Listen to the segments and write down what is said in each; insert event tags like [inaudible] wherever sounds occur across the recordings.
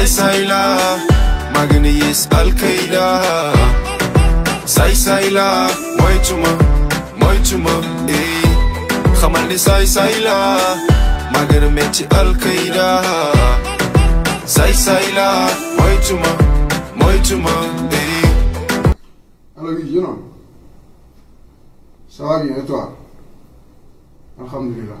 Say sayla al Qaeda. Say sayla Moy chuma Moy chuma ey eh. Xamal ni say sayla Magar mechi Qaeda. Say sayla Moy chuma Moy chuma ey eh. Alors oui, you know Ça va bien Alhamdulillah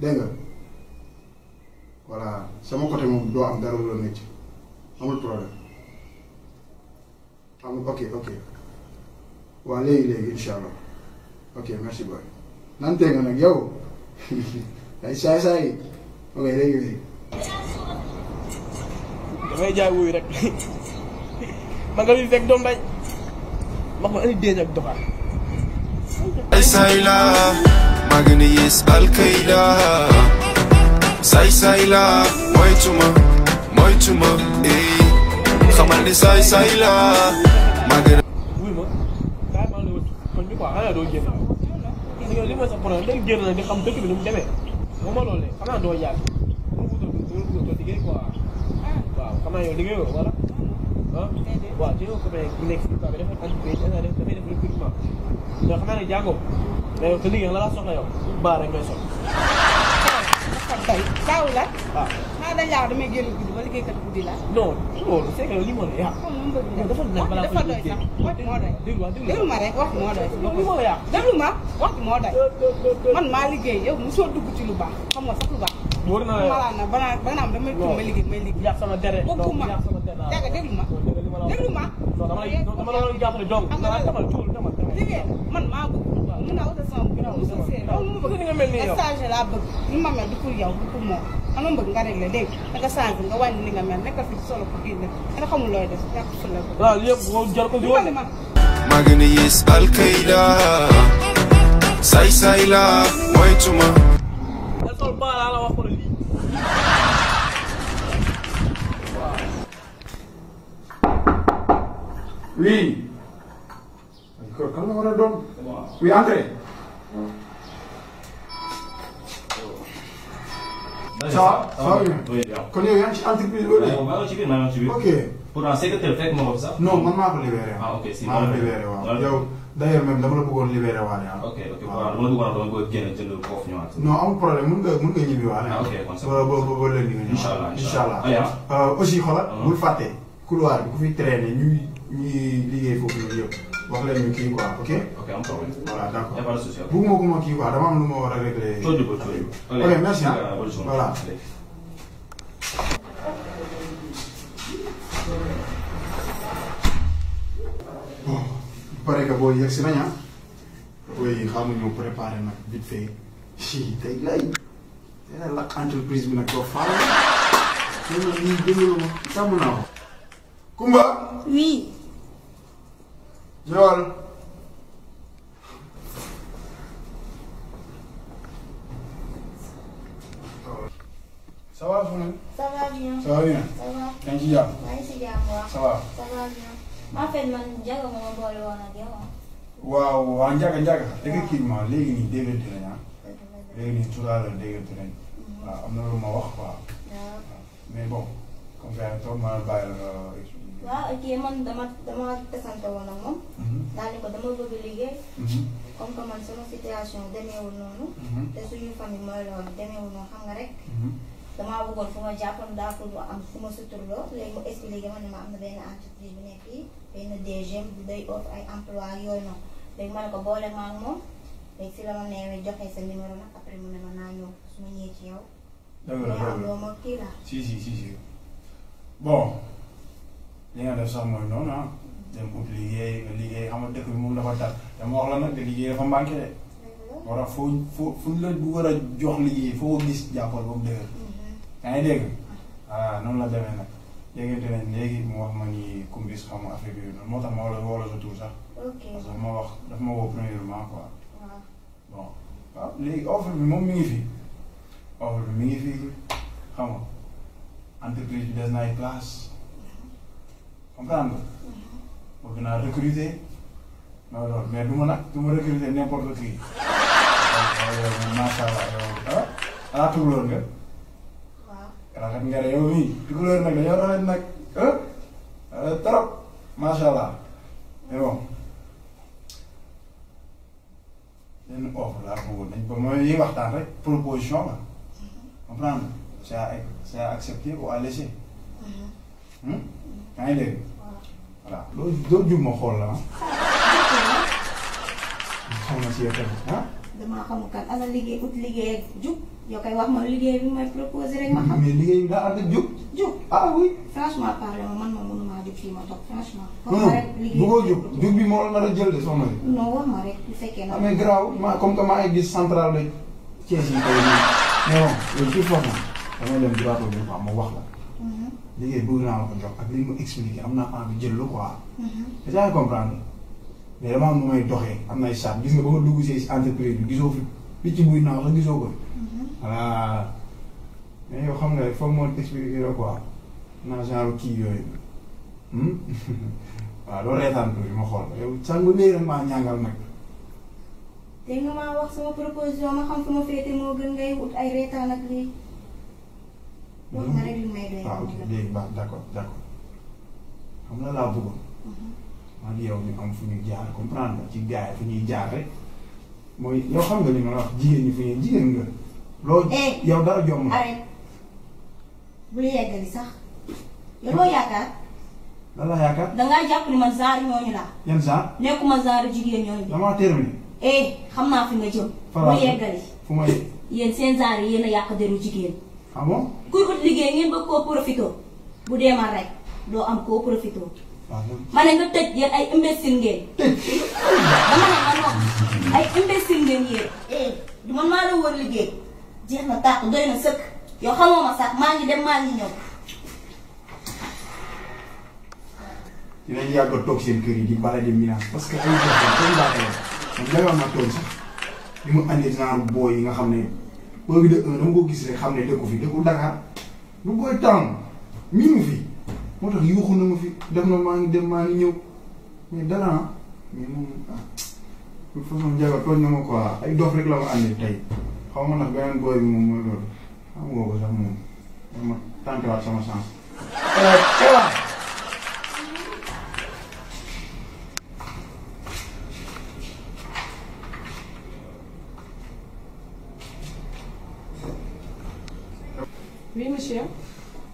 dégg nga voilà sama côté moom doo am dara lu la métti amul problème amul ok ok waaw léegi léegi incha allah boy nan tey nga nag yow [laughs] ay saay saay ok léegi léegi. damay jaay wuyu rek [laughs] man nga fi fekk doom day wax ma indi déedéet ak doxal. ay saay la. ግን ይስአልከይላ ሳይሳይላ ሞይቱማ moytuma eh xamal ni saay saay laa maa gën a. wuy ma kaay maa ngi lay wëccu kon bi quoi xanaa doo génn yow li ma sa problème léegi génn na di xam dëkk bi nu mu demee moom ma loolu xanaa doo yàgg mu wutal ko mu wutal ko liggéey quoi waaw xanaa yow liggéeyoo wala ah waaw ci yow ku nekk si quoi bi dafa entreprise dafay def recrutement te xanaa ne jàngoo. mais te liggéey la laa soxla yow baa rek ngay soxla. daaw la. waaw maa dañ laa damay génn guddi ba liggéeykat guddi la. non loolu c'est que li moo ne yaa. dafa doy sax dafa doy sax waxtu moo doy. déglu ma rek waxtu moo doy. li moo yaa déglu ma waxtu moo doy. man maa liggéey yow mosoo dugg ci lu baax xam nga sax lu baax. wóor na la banaa banaam damay tudd ma liggéey may liggéey. yàq sama dere bokkuma dégg nga déglu ma déglu ma. dama la dama la jàppale donc. liggéey man maa bëgg mun naa utal sama bopp mu succès loolu lu ma bëgg nga mel ni yow changé laa bëgg ni ma mel du pour yow du pour moom xam nga bëgg nga réglé dégg nga changé nga wàññi li nga mel nekkal fi solo ko génn nga xamul looy Oui. Encore, quand on Oui, André. Ça, va, ça va bien. Oui, bien. Connais rien, un truc plus. On va recevoir, on va recevoir. Ok. Pour un secret, tu fais comme ça Non, maman va libérer. Ah, ok, c'est bon. Maman libérer, ouais. D'ailleurs, même, dama la bëggoon libéré waale ah. ok ok voilà dama la bëggoon dama bëgg génn jënd foofu ñëwaat. non amul problème mun nga mun nga ñibbi waale. ah ok kon ça va ba ba ba lundi nga ñëw. incha allah incha allah aussi xoolal. bul fàtte couloir bi ku fi traîner ñuy ñuy liggéey foofu ñun yëpp waxla min kii quoi ok ok on problème voilà d' accord y a pas de souci bugguma ko ma kii quoi dama am lu ma war a régler toujours toujours ok merci hein voilà bon pare que booy yegg si nañ ah booy xamuñu préparé nag vite fait si tey lay tey la entreprise bi nag doo faale tey nag lii déglu ma sàmm naa ko Kumba oui ñëwal ça va Souley. ça va bien. ça va bien. yaa ngi ci jàmm. maa waaw. ça va. ça va bien. ma ma boole woon ak yow. waaw waaw Ndiaga Ndiaga. effectivement léegi nii déggante ma wax quoi. mais conférence boobu ma bàyyi la nga expliqué. waaw ok man dama dama tasante woon ak moom. daal ni ko dama bëgg liggéey. comme que man sama situation demeewul noonu. te suñu famille mooy loolu demeewul noonu xam nga rek. damaa bëggoon fu ma jàppoon daa ko am fu ma suturloo léegi mu expliqué ma ne ma na benn entreprise bu nekk fii benn DG bu day offre ay emploi yooyu noonu léegi ma ne ko boole ma ak moom léegi si la ma neewee joxee sa numéro nag mu ne ma naa ñëw su ma ñëwee ci yow. dëgg la la bon li nga def sax mooy noonu ah dem ut liggéey nga liggéey xam nga dëkk bi moom la nag de liggéey dafa manqué de. Mhm. fu ñu la war a jox liggéey foo ko gis jàppal ba mu dëgër. Mhm. yaa ngi dégg ah noonu la demee nag déggante léegi mu wax ma ni kumbis xam nga affaire yooyu noonu moo tax ma wala wala sa tur sax. parce ma wax bon waaw léegi offre bi moom mi ngi fi offre bi mi ngi fi xam entreprise bi des na ay place comprendre nga bëgg naa recruter non non mais du ma nag du ma recruter n'importe qui macha allah yow ah tukulóor nga. waaw rafet nga yow mii tukulóor nag dañoo rafet nag ah trop macha allah mais bon benn yi waxtaan rek proposition la c' a c' a accepté ou à laisser. yaa ngi dégg. voilà loolu doo jub ma xool la ah. xam na si kan ala liggéey ut liggéey ak jub yoo wax ma liggéey bi may proposé rek ma xam. Mm-hmm. mais liggéey bi daa ànd ak jub. jub ah oui. franchement parlé ma man ma mënumaa jub ma toog franchement. comme rek liggéey bëggoo jub jub bi moo la nar a jël de soxna bi. non wax ma rek bu ma comme central de Thiès yi tey mais bon loolu ci foofu damay dem juraatoo bi quoi ma wax la. Mhm. liggéey bëgg naa la ko jox ak li mu expliqué am naa envie jël la quoi. da mhm. caa comprendre mais dama am nu may doxee am na ay chartes gis nga ba nga dugg si entreprise bi gisoo fi picc buy naaw sax gisoo ko. Mhm. voilà mais yow xam nga foog moo expliqué la quoi naa genre kii yooyu hmm? [laughs] waaw loolu reetaan tuuti ma xool yow sànq léegi rek maa ñàngal nag. dégg nga maa wax sama proposition ma xam fu ma féete moo gën ngay wut ay reetaan ak lii. loolu nga rek li may doy. waaw la man yow ñu am fu ñuy jaar comprendre ci gars yi fu ñuy jaar rek mooy yow xam nga li ma la wax jigéen ñi fu ñuy jigéen eh, jom ma. arrête bul yeggali sax yow loo yaakaar. lan laa yaakaar. da ngaa jàpp ni man genre ñooñu laa. yan genre. nekkuma genre jigéen ñooñu. damaa terminé. eh xam naa fi nga jëm. faral bul yeggali. fu ma yegg. yéen seen genre yéen a yàq deru jigéen. ah bon kuy ut liggéey ngeen bëgg koo profito bu deema rek doo am koo profito Mana ne nga tëj ay imbécile ngeen dama ne man ay imbécile ngeen yéen du man maa la wër liggéey jeex na tàq doy na sëkk yow xamoo ma sax dem maa ngi ñëw dinañ yàgg a toog seen kër di bala di minas parce que ay jafe comme daa koy wax man dayoo ma toog sax li mu andi genre nga xam boobu de mu dama ko gis rek xam ne ko fi dëkku Dakar du koy tàmm miinu fi moo tax yuuxu na ma fi def na maa ngi dem maa ngi ñëw mais dara mais moom ah de toute façon jabar tooñ na ma quoi ay dof rek la ma àndi tey xaw ma nag beneen booy bi moom mooy loolu xam nga ko sax oui monsieur.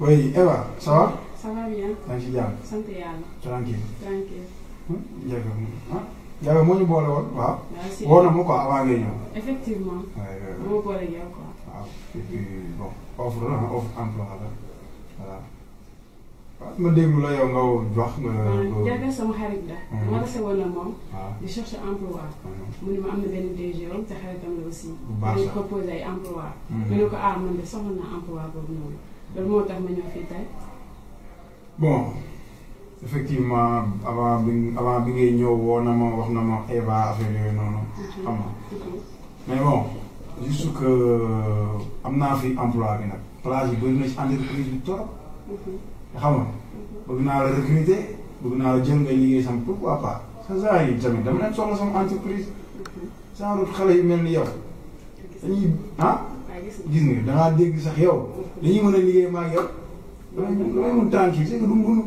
oui Eva ça va. ça va bien. yaa ngi ci jàmm. sant yàlla. tranquille. tranquille. Ndiaga hmm? ah Ndiaga moo ñu boole woon waaw. merci woo na ma quoi avant ngay ñëw. effectivement. moo boole yow quoi. waaw et puis bon offre la offre emploi la voilà. Ah, ma déglu la yow nga woon wax nga. Ah, jaga sama xarit la. Ah. ma rase woon moom. di chercher emploi. mu ne ma am na benn DG am te xaritam la aussi. bu baax sax ko posé ay emploi. Mm-hmm. mu ne ko ah man de soxla naa emploi boobu noonu loolu moo tax ma ñëw fii tey. bon effectivement avant bi avant bi ngay ñëw woo na ma wax na ma Eva affaire noonu. Mm-hmm. xam nga mm-hmm. mais bon juste que euh, am naa fi emploi bi nag. place yi bëri na ci entreprise bi xam nga naa la recruter bëgg naa la jël liggéey sam pourquoi sa saa yi tamit dama leen soxla sama entreprise sans xale yu mel ni yow dañuy ah gis nga dangaa dégg sax yow dañuy mën a liggéey maa ngi yow damay damay mën tranquille c'est que du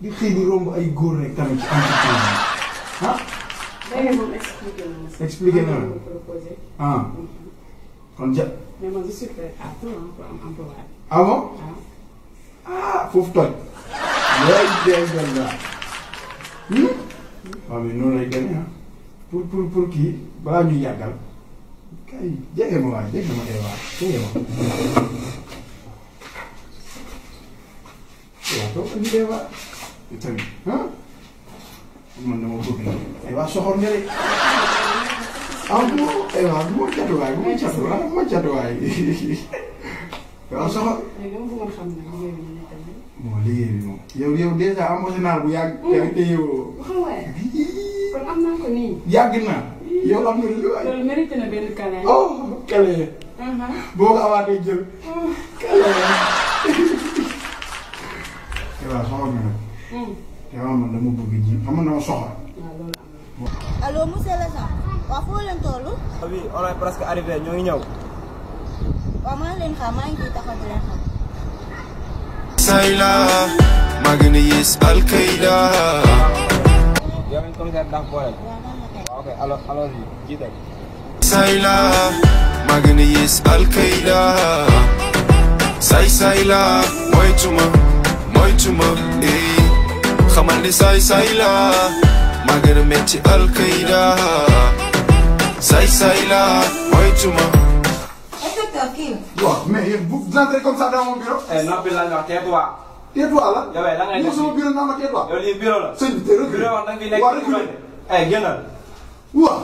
di xëy di romb ay góor rek tamit ci ah? na expliqué ah mm-hmm. kon ja. mais ah foofu toj. loolu dégg naa. waaw mais noonu lay demee ah pour pour pour kii balaa ñuy yàggal kay jege ma waay jege ma kay waay jege ma. waaw doo ko liggéey waay. tamit ah man na aywa soxor nga de ah bu aywa bu ma catuwaay bu ma catuwaay bu ma catuwaay aywa [laughs] soxor. mais dama bëggoon xam moom liggéey bi moom. yow amoon naa bu yàgg. tamit yow. kon naa ko kale. oh kale. boo ko awaatee kale. te waaw soxal na ji xam nga dama soxal. allo monsieur l'agent. waaw foo on est presque arrivé ñoo ngi ñëw. waaw maa ngi leen di leen xaar. سايله مغنيس الكيده سايله مغنيس الكيده ساي سايله مويتوما مويتوما اي خمال دي ساي سايله مغنمتي الكيده ساي سايله مويتوما waaw mais vous entrez comme ça dans mon bureau. noppi la ñu wax teetuwaa. teetuwaa la. yow da ngay def sama bureau naa ma teetuwaa. yow lii bureau la. sëñ bi tey rek. bureau wax da nga fi nekk ci biir ay génnal. waaw.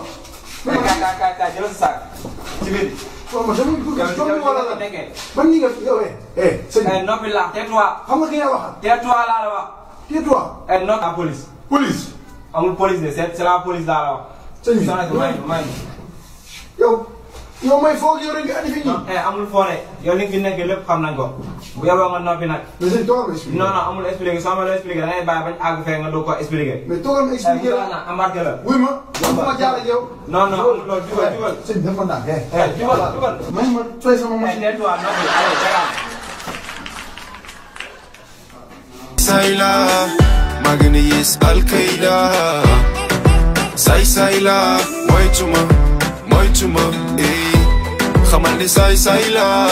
mais ka ka ka ka jëlal sa saak ci biir. waaw man dama bëgg a toog wala la ban ñi nga yow eh. sëñ bi noppi la teetuwaa. xam nga ki nga wax. teetuwaa laa la wax. teetuwaa. non la police. police. amul police de c'est la police laa la wax. sëñ bi yow. yow mooy foog yow rek nga andi fi ñun. amul foo ne yow li fi nekk lépp xam nañ ko bu yaboo nga noppi nag. mais sëñ toogal ma expliqué. non non amul expliqué soo ma la expliqué da ngay bàyyi bañ àgg fee nga doog ko expliqué. mais toogal ma expliqué la ah embarqué la. wuy ma yow ma jaar ak yow. non non loolu jubal jubal. sëñ bi dafa ndànk eh. jubal jubal. man ma fay sama eh, machine. ay nettoie noppi allez jagaan. say la maa gën a yées alkayda say say la moytu ma moytu ma eh. xamal ni saay saay laa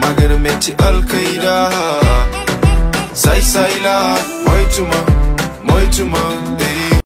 maa gën a metti alkayda saay saay laa moytu ma